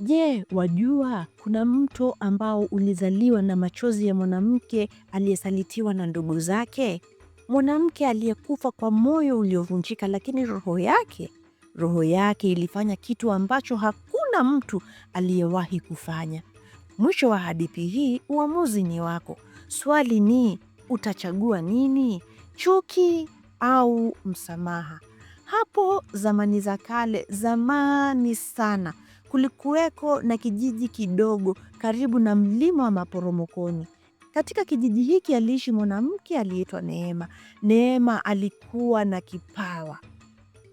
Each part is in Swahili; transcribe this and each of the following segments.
Je, wajua kuna mto ambao ulizaliwa na machozi ya mwanamke aliyesalitiwa na ndugu zake, mwanamke aliyekufa kwa moyo uliovunjika, lakini roho yake roho yake ilifanya kitu ambacho hakuna mtu aliyewahi kufanya. Mwisho wa hadithi hii, uamuzi ni wako. Swali ni utachagua nini, chuki au msamaha? Hapo zamani za kale, zamani sana, Kulikuweko na kijiji kidogo karibu na mlima wa maporomokoni. Katika kijiji hiki aliishi mwanamke aliyeitwa Neema. Neema alikuwa na kipawa.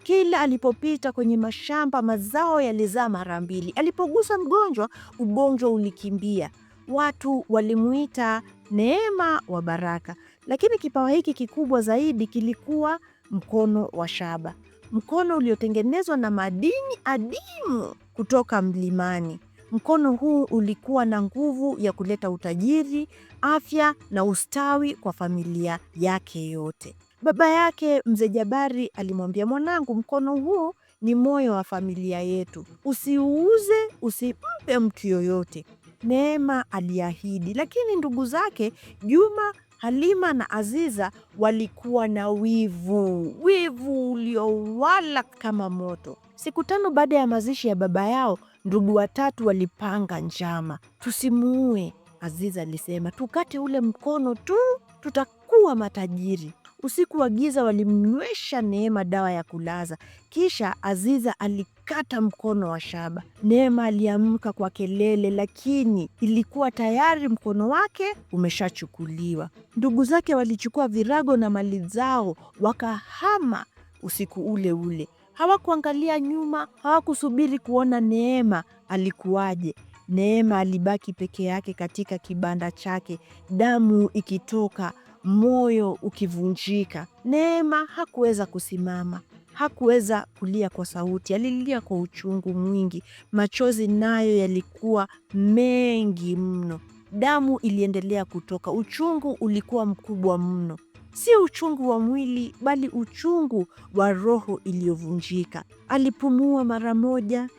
Kila alipopita kwenye mashamba, mazao yalizaa mara mbili. Alipogusa mgonjwa, ugonjwa ulikimbia. Watu walimwita Neema wa baraka. Lakini kipawa hiki kikubwa zaidi kilikuwa mkono wa shaba, mkono uliotengenezwa na madini adimu kutoka mlimani. Mkono huu ulikuwa na nguvu ya kuleta utajiri, afya na ustawi kwa familia yake yote. Baba yake Mzee Jabari alimwambia, mwanangu, mkono huu ni moyo wa familia yetu, usiuuze, usimpe mtu yoyote. Neema aliahidi, lakini ndugu zake Juma, Halima na Aziza walikuwa na wivu, wivu uliowala kama moto. Siku tano baada ya mazishi ya baba yao, ndugu watatu walipanga njama. Tusimuue, Aziza alisema, tukate ule mkono tu, tutakuwa matajiri. Usiku wa giza walimnywesha Neema dawa ya kulaza, kisha Aziza alikata mkono wa Shaba. Neema aliamka kwa kelele, lakini ilikuwa tayari mkono wake umeshachukuliwa. Ndugu zake walichukua virago na mali zao wakahama usiku ule ule hawakuangalia nyuma, hawakusubiri kuona Neema alikuwaje. Neema alibaki peke yake katika kibanda chake, damu ikitoka, moyo ukivunjika. Neema hakuweza kusimama, hakuweza kulia kwa sauti, alilia kwa uchungu mwingi. Machozi nayo yalikuwa mengi mno, damu iliendelea kutoka, uchungu ulikuwa mkubwa mno si uchungu wa mwili, bali uchungu wa roho iliyovunjika. Alipumua mara moja,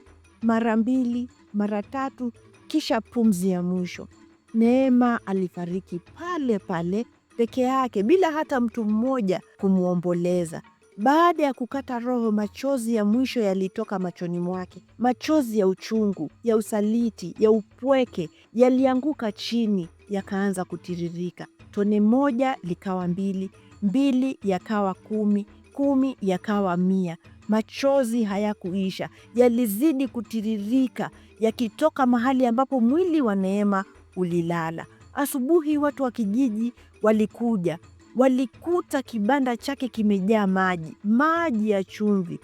mara mbili, mara tatu, kisha pumzi ya mwisho. Neema alifariki pale pale peke yake, bila hata mtu mmoja kumwomboleza. Baada ya kukata roho, machozi ya mwisho yalitoka machoni mwake. Machozi ya uchungu, ya usaliti, ya upweke yalianguka chini, yakaanza kutiririka. Tone moja likawa mbili, mbili yakawa kumi, kumi yakawa mia. Machozi hayakuisha, yalizidi kutiririka, yakitoka mahali ambapo mwili wa Neema ulilala. Asubuhi watu wa kijiji walikuja walikuta kibanda chake kimejaa maji, maji ya chumvi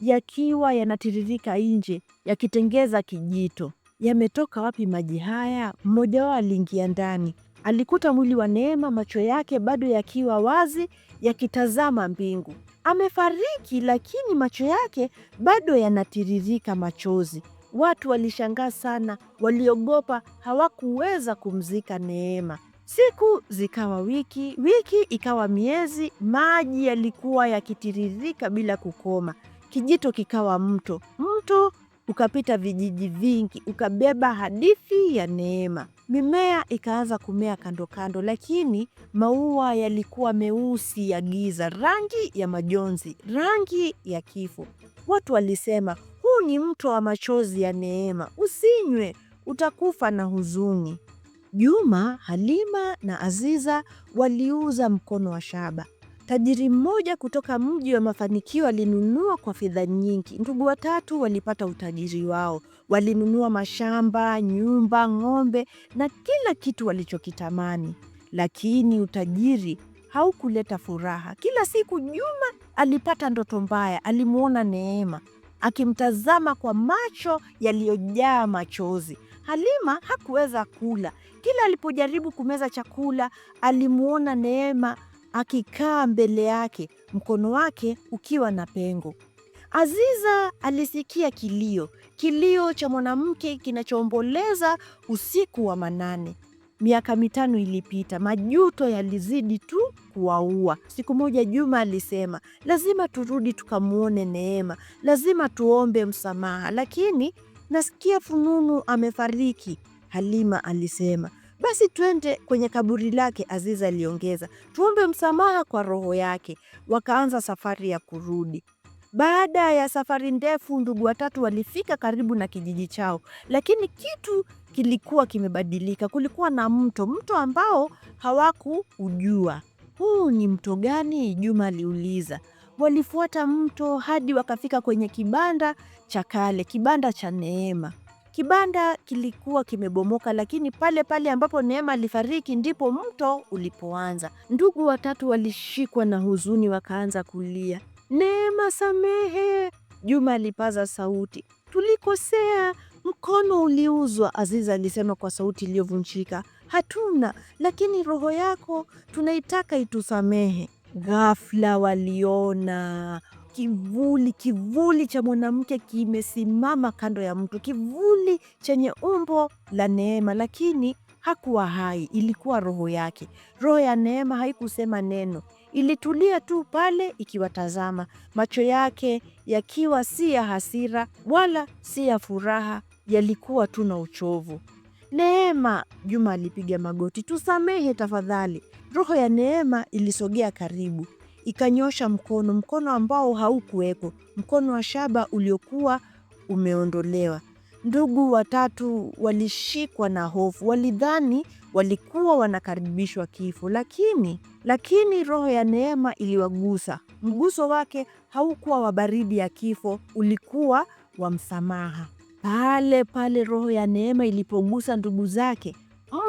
yakiwa yanatiririka nje yakitengeza kijito. Yametoka wapi maji haya? Mmoja wao aliingia ndani, alikuta mwili wa Neema, macho yake bado yakiwa wazi yakitazama mbingu. Amefariki, lakini macho yake bado yanatiririka machozi. Watu walishangaa sana, waliogopa, hawakuweza kumzika Neema. Siku zikawa wiki, wiki ikawa miezi. Maji yalikuwa yakitiririka bila kukoma. Kijito kikawa mto, mto ukapita vijiji vingi, ukabeba hadithi ya neema. Mimea ikaanza kumea kando kando, lakini maua yalikuwa meusi ya giza, rangi ya majonzi, rangi ya kifo. Watu walisema huu ni mto wa machozi ya neema, usinywe utakufa na huzuni. Juma, Halima na Aziza waliuza mkono wa shaba. Tajiri mmoja kutoka mji wa mafanikio alinunua kwa fedha nyingi. Ndugu watatu walipata utajiri wao, walinunua mashamba, nyumba, ng'ombe na kila kitu walichokitamani. Lakini utajiri haukuleta furaha. Kila siku Juma alipata ndoto mbaya. Alimwona Neema akimtazama kwa macho yaliyojaa machozi, Halima hakuweza kula. Kila alipojaribu kumeza chakula, alimwona Neema akikaa mbele yake, mkono wake ukiwa na pengo. Aziza alisikia kilio, kilio cha mwanamke kinachoomboleza usiku wa manane. Miaka mitano ilipita, majuto yalizidi tu kuwaua. Siku moja Juma alisema, lazima turudi tukamwone Neema, lazima tuombe msamaha, lakini nasikia fununu amefariki. Halima alisema. Basi twende kwenye kaburi lake, Aziza aliongeza, tuombe msamaha kwa roho yake. Wakaanza safari ya kurudi. Baada ya safari ndefu, ndugu watatu walifika karibu na kijiji chao, lakini kitu kilikuwa kimebadilika. Kulikuwa na mto, mto ambao hawakuujua. Huu ni mto gani? Juma aliuliza. Walifuata mto hadi wakafika kwenye kibanda cha kale, kibanda cha Neema. Kibanda kilikuwa kimebomoka, lakini pale pale ambapo Neema alifariki ndipo mto ulipoanza. Ndugu watatu walishikwa na huzuni, wakaanza kulia, Neema samehe. Juma alipaza sauti, tulikosea, mkono uliuzwa. Aziza alisema kwa sauti iliyovunjika, hatuna, lakini roho yako tunaitaka itusamehe. Ghafla waliona kivuli, kivuli cha mwanamke kimesimama kando ya mtu kivuli chenye umbo la Neema, lakini hakuwa hai, ilikuwa roho yake. Roho ya Neema haikusema neno, ilitulia tu pale ikiwatazama, macho yake yakiwa si ya hasira wala si ya furaha, yalikuwa tu na uchovu. Neema, Juma alipiga magoti. Tusamehe tafadhali. Roho ya Neema ilisogea karibu, ikanyosha mkono, mkono ambao haukuwepo, mkono wa shaba uliokuwa umeondolewa. Ndugu watatu walishikwa na hofu, walidhani walikuwa wanakaribishwa kifo, lakini lakini roho ya Neema iliwagusa. Mguso wake haukuwa wa baridi ya kifo, ulikuwa wa msamaha. Pale pale roho ya neema ilipogusa ndugu zake,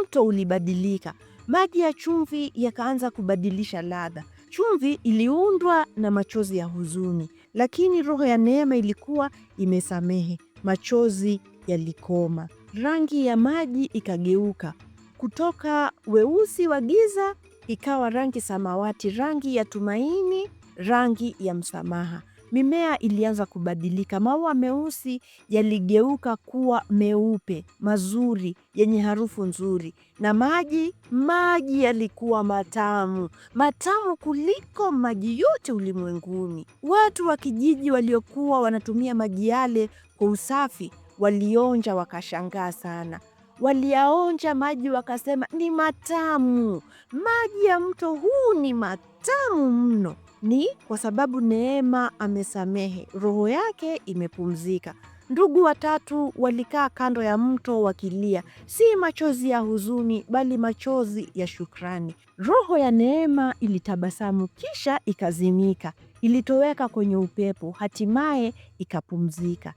mto ulibadilika. Maji ya chumvi yakaanza kubadilisha ladha. Chumvi iliundwa na machozi ya huzuni, lakini roho ya neema ilikuwa imesamehe. Machozi yalikoma, rangi ya maji ikageuka kutoka weusi wa giza ikawa rangi samawati, rangi ya tumaini, rangi ya msamaha. Mimea ilianza kubadilika, maua meusi yaligeuka kuwa meupe mazuri, yenye harufu nzuri, na maji maji yalikuwa matamu, matamu kuliko maji yote ulimwenguni. Watu wa kijiji waliokuwa wanatumia maji yale kwa usafi walionja, wakashangaa sana. Waliyaonja maji wakasema, ni matamu, maji ya mto huu ni matamu mno ni kwa sababu Neema amesamehe, roho yake imepumzika. Ndugu watatu walikaa kando ya mto wakilia, si machozi ya huzuni, bali machozi ya shukrani. Roho ya Neema ilitabasamu, kisha ikazimika, ilitoweka kwenye upepo, hatimaye ikapumzika.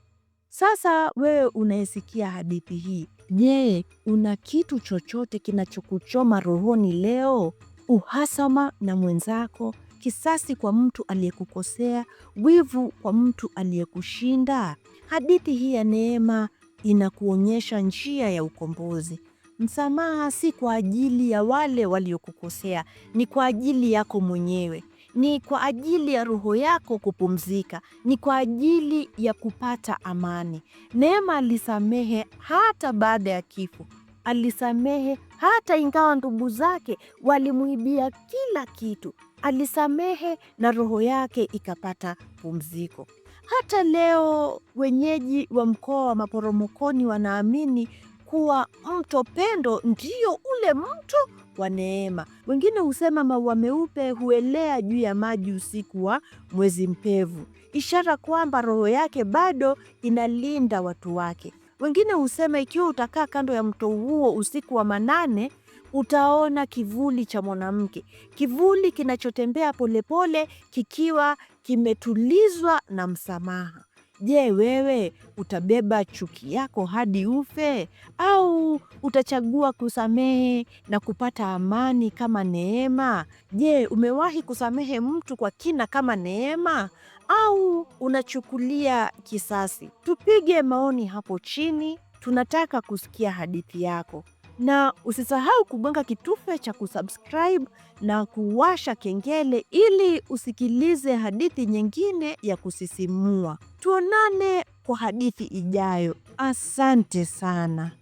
Sasa wewe unayesikia hadithi hii, je, una kitu chochote kinachokuchoma rohoni leo? Uhasama na mwenzako, kisasi kwa mtu aliyekukosea, wivu kwa mtu aliyekushinda? Hadithi hii ya neema inakuonyesha njia ya ukombozi. Msamaha si kwa ajili ya wale waliokukosea, ni kwa ajili yako mwenyewe, ni kwa ajili ya roho yako kupumzika, ni kwa ajili ya kupata amani. Neema alisamehe hata baada ya kifo, alisamehe hata ingawa ndugu zake walimuibia kila kitu alisamehe na roho yake ikapata pumziko. Hata leo wenyeji wa mkoa wa maporomokoni wanaamini kuwa mto Pendo ndio ule mto wa neema. Wengine husema maua meupe huelea juu ya maji usiku wa mwezi mpevu, ishara kwamba roho yake bado inalinda watu wake. Wengine husema ikiwa utakaa kando ya mto huo usiku wa manane utaona kivuli cha mwanamke, kivuli kinachotembea polepole kikiwa kimetulizwa na msamaha. Je, wewe utabeba chuki yako hadi ufe au utachagua kusamehe na kupata amani kama neema? Je, umewahi kusamehe mtu kwa kina kama neema au unachukulia kisasi? Tupige maoni hapo chini, tunataka kusikia hadithi yako na usisahau kubonga kitufe cha kusubscribe na kuwasha kengele ili usikilize hadithi nyingine ya kusisimua. Tuonane kwa hadithi ijayo. Asante sana.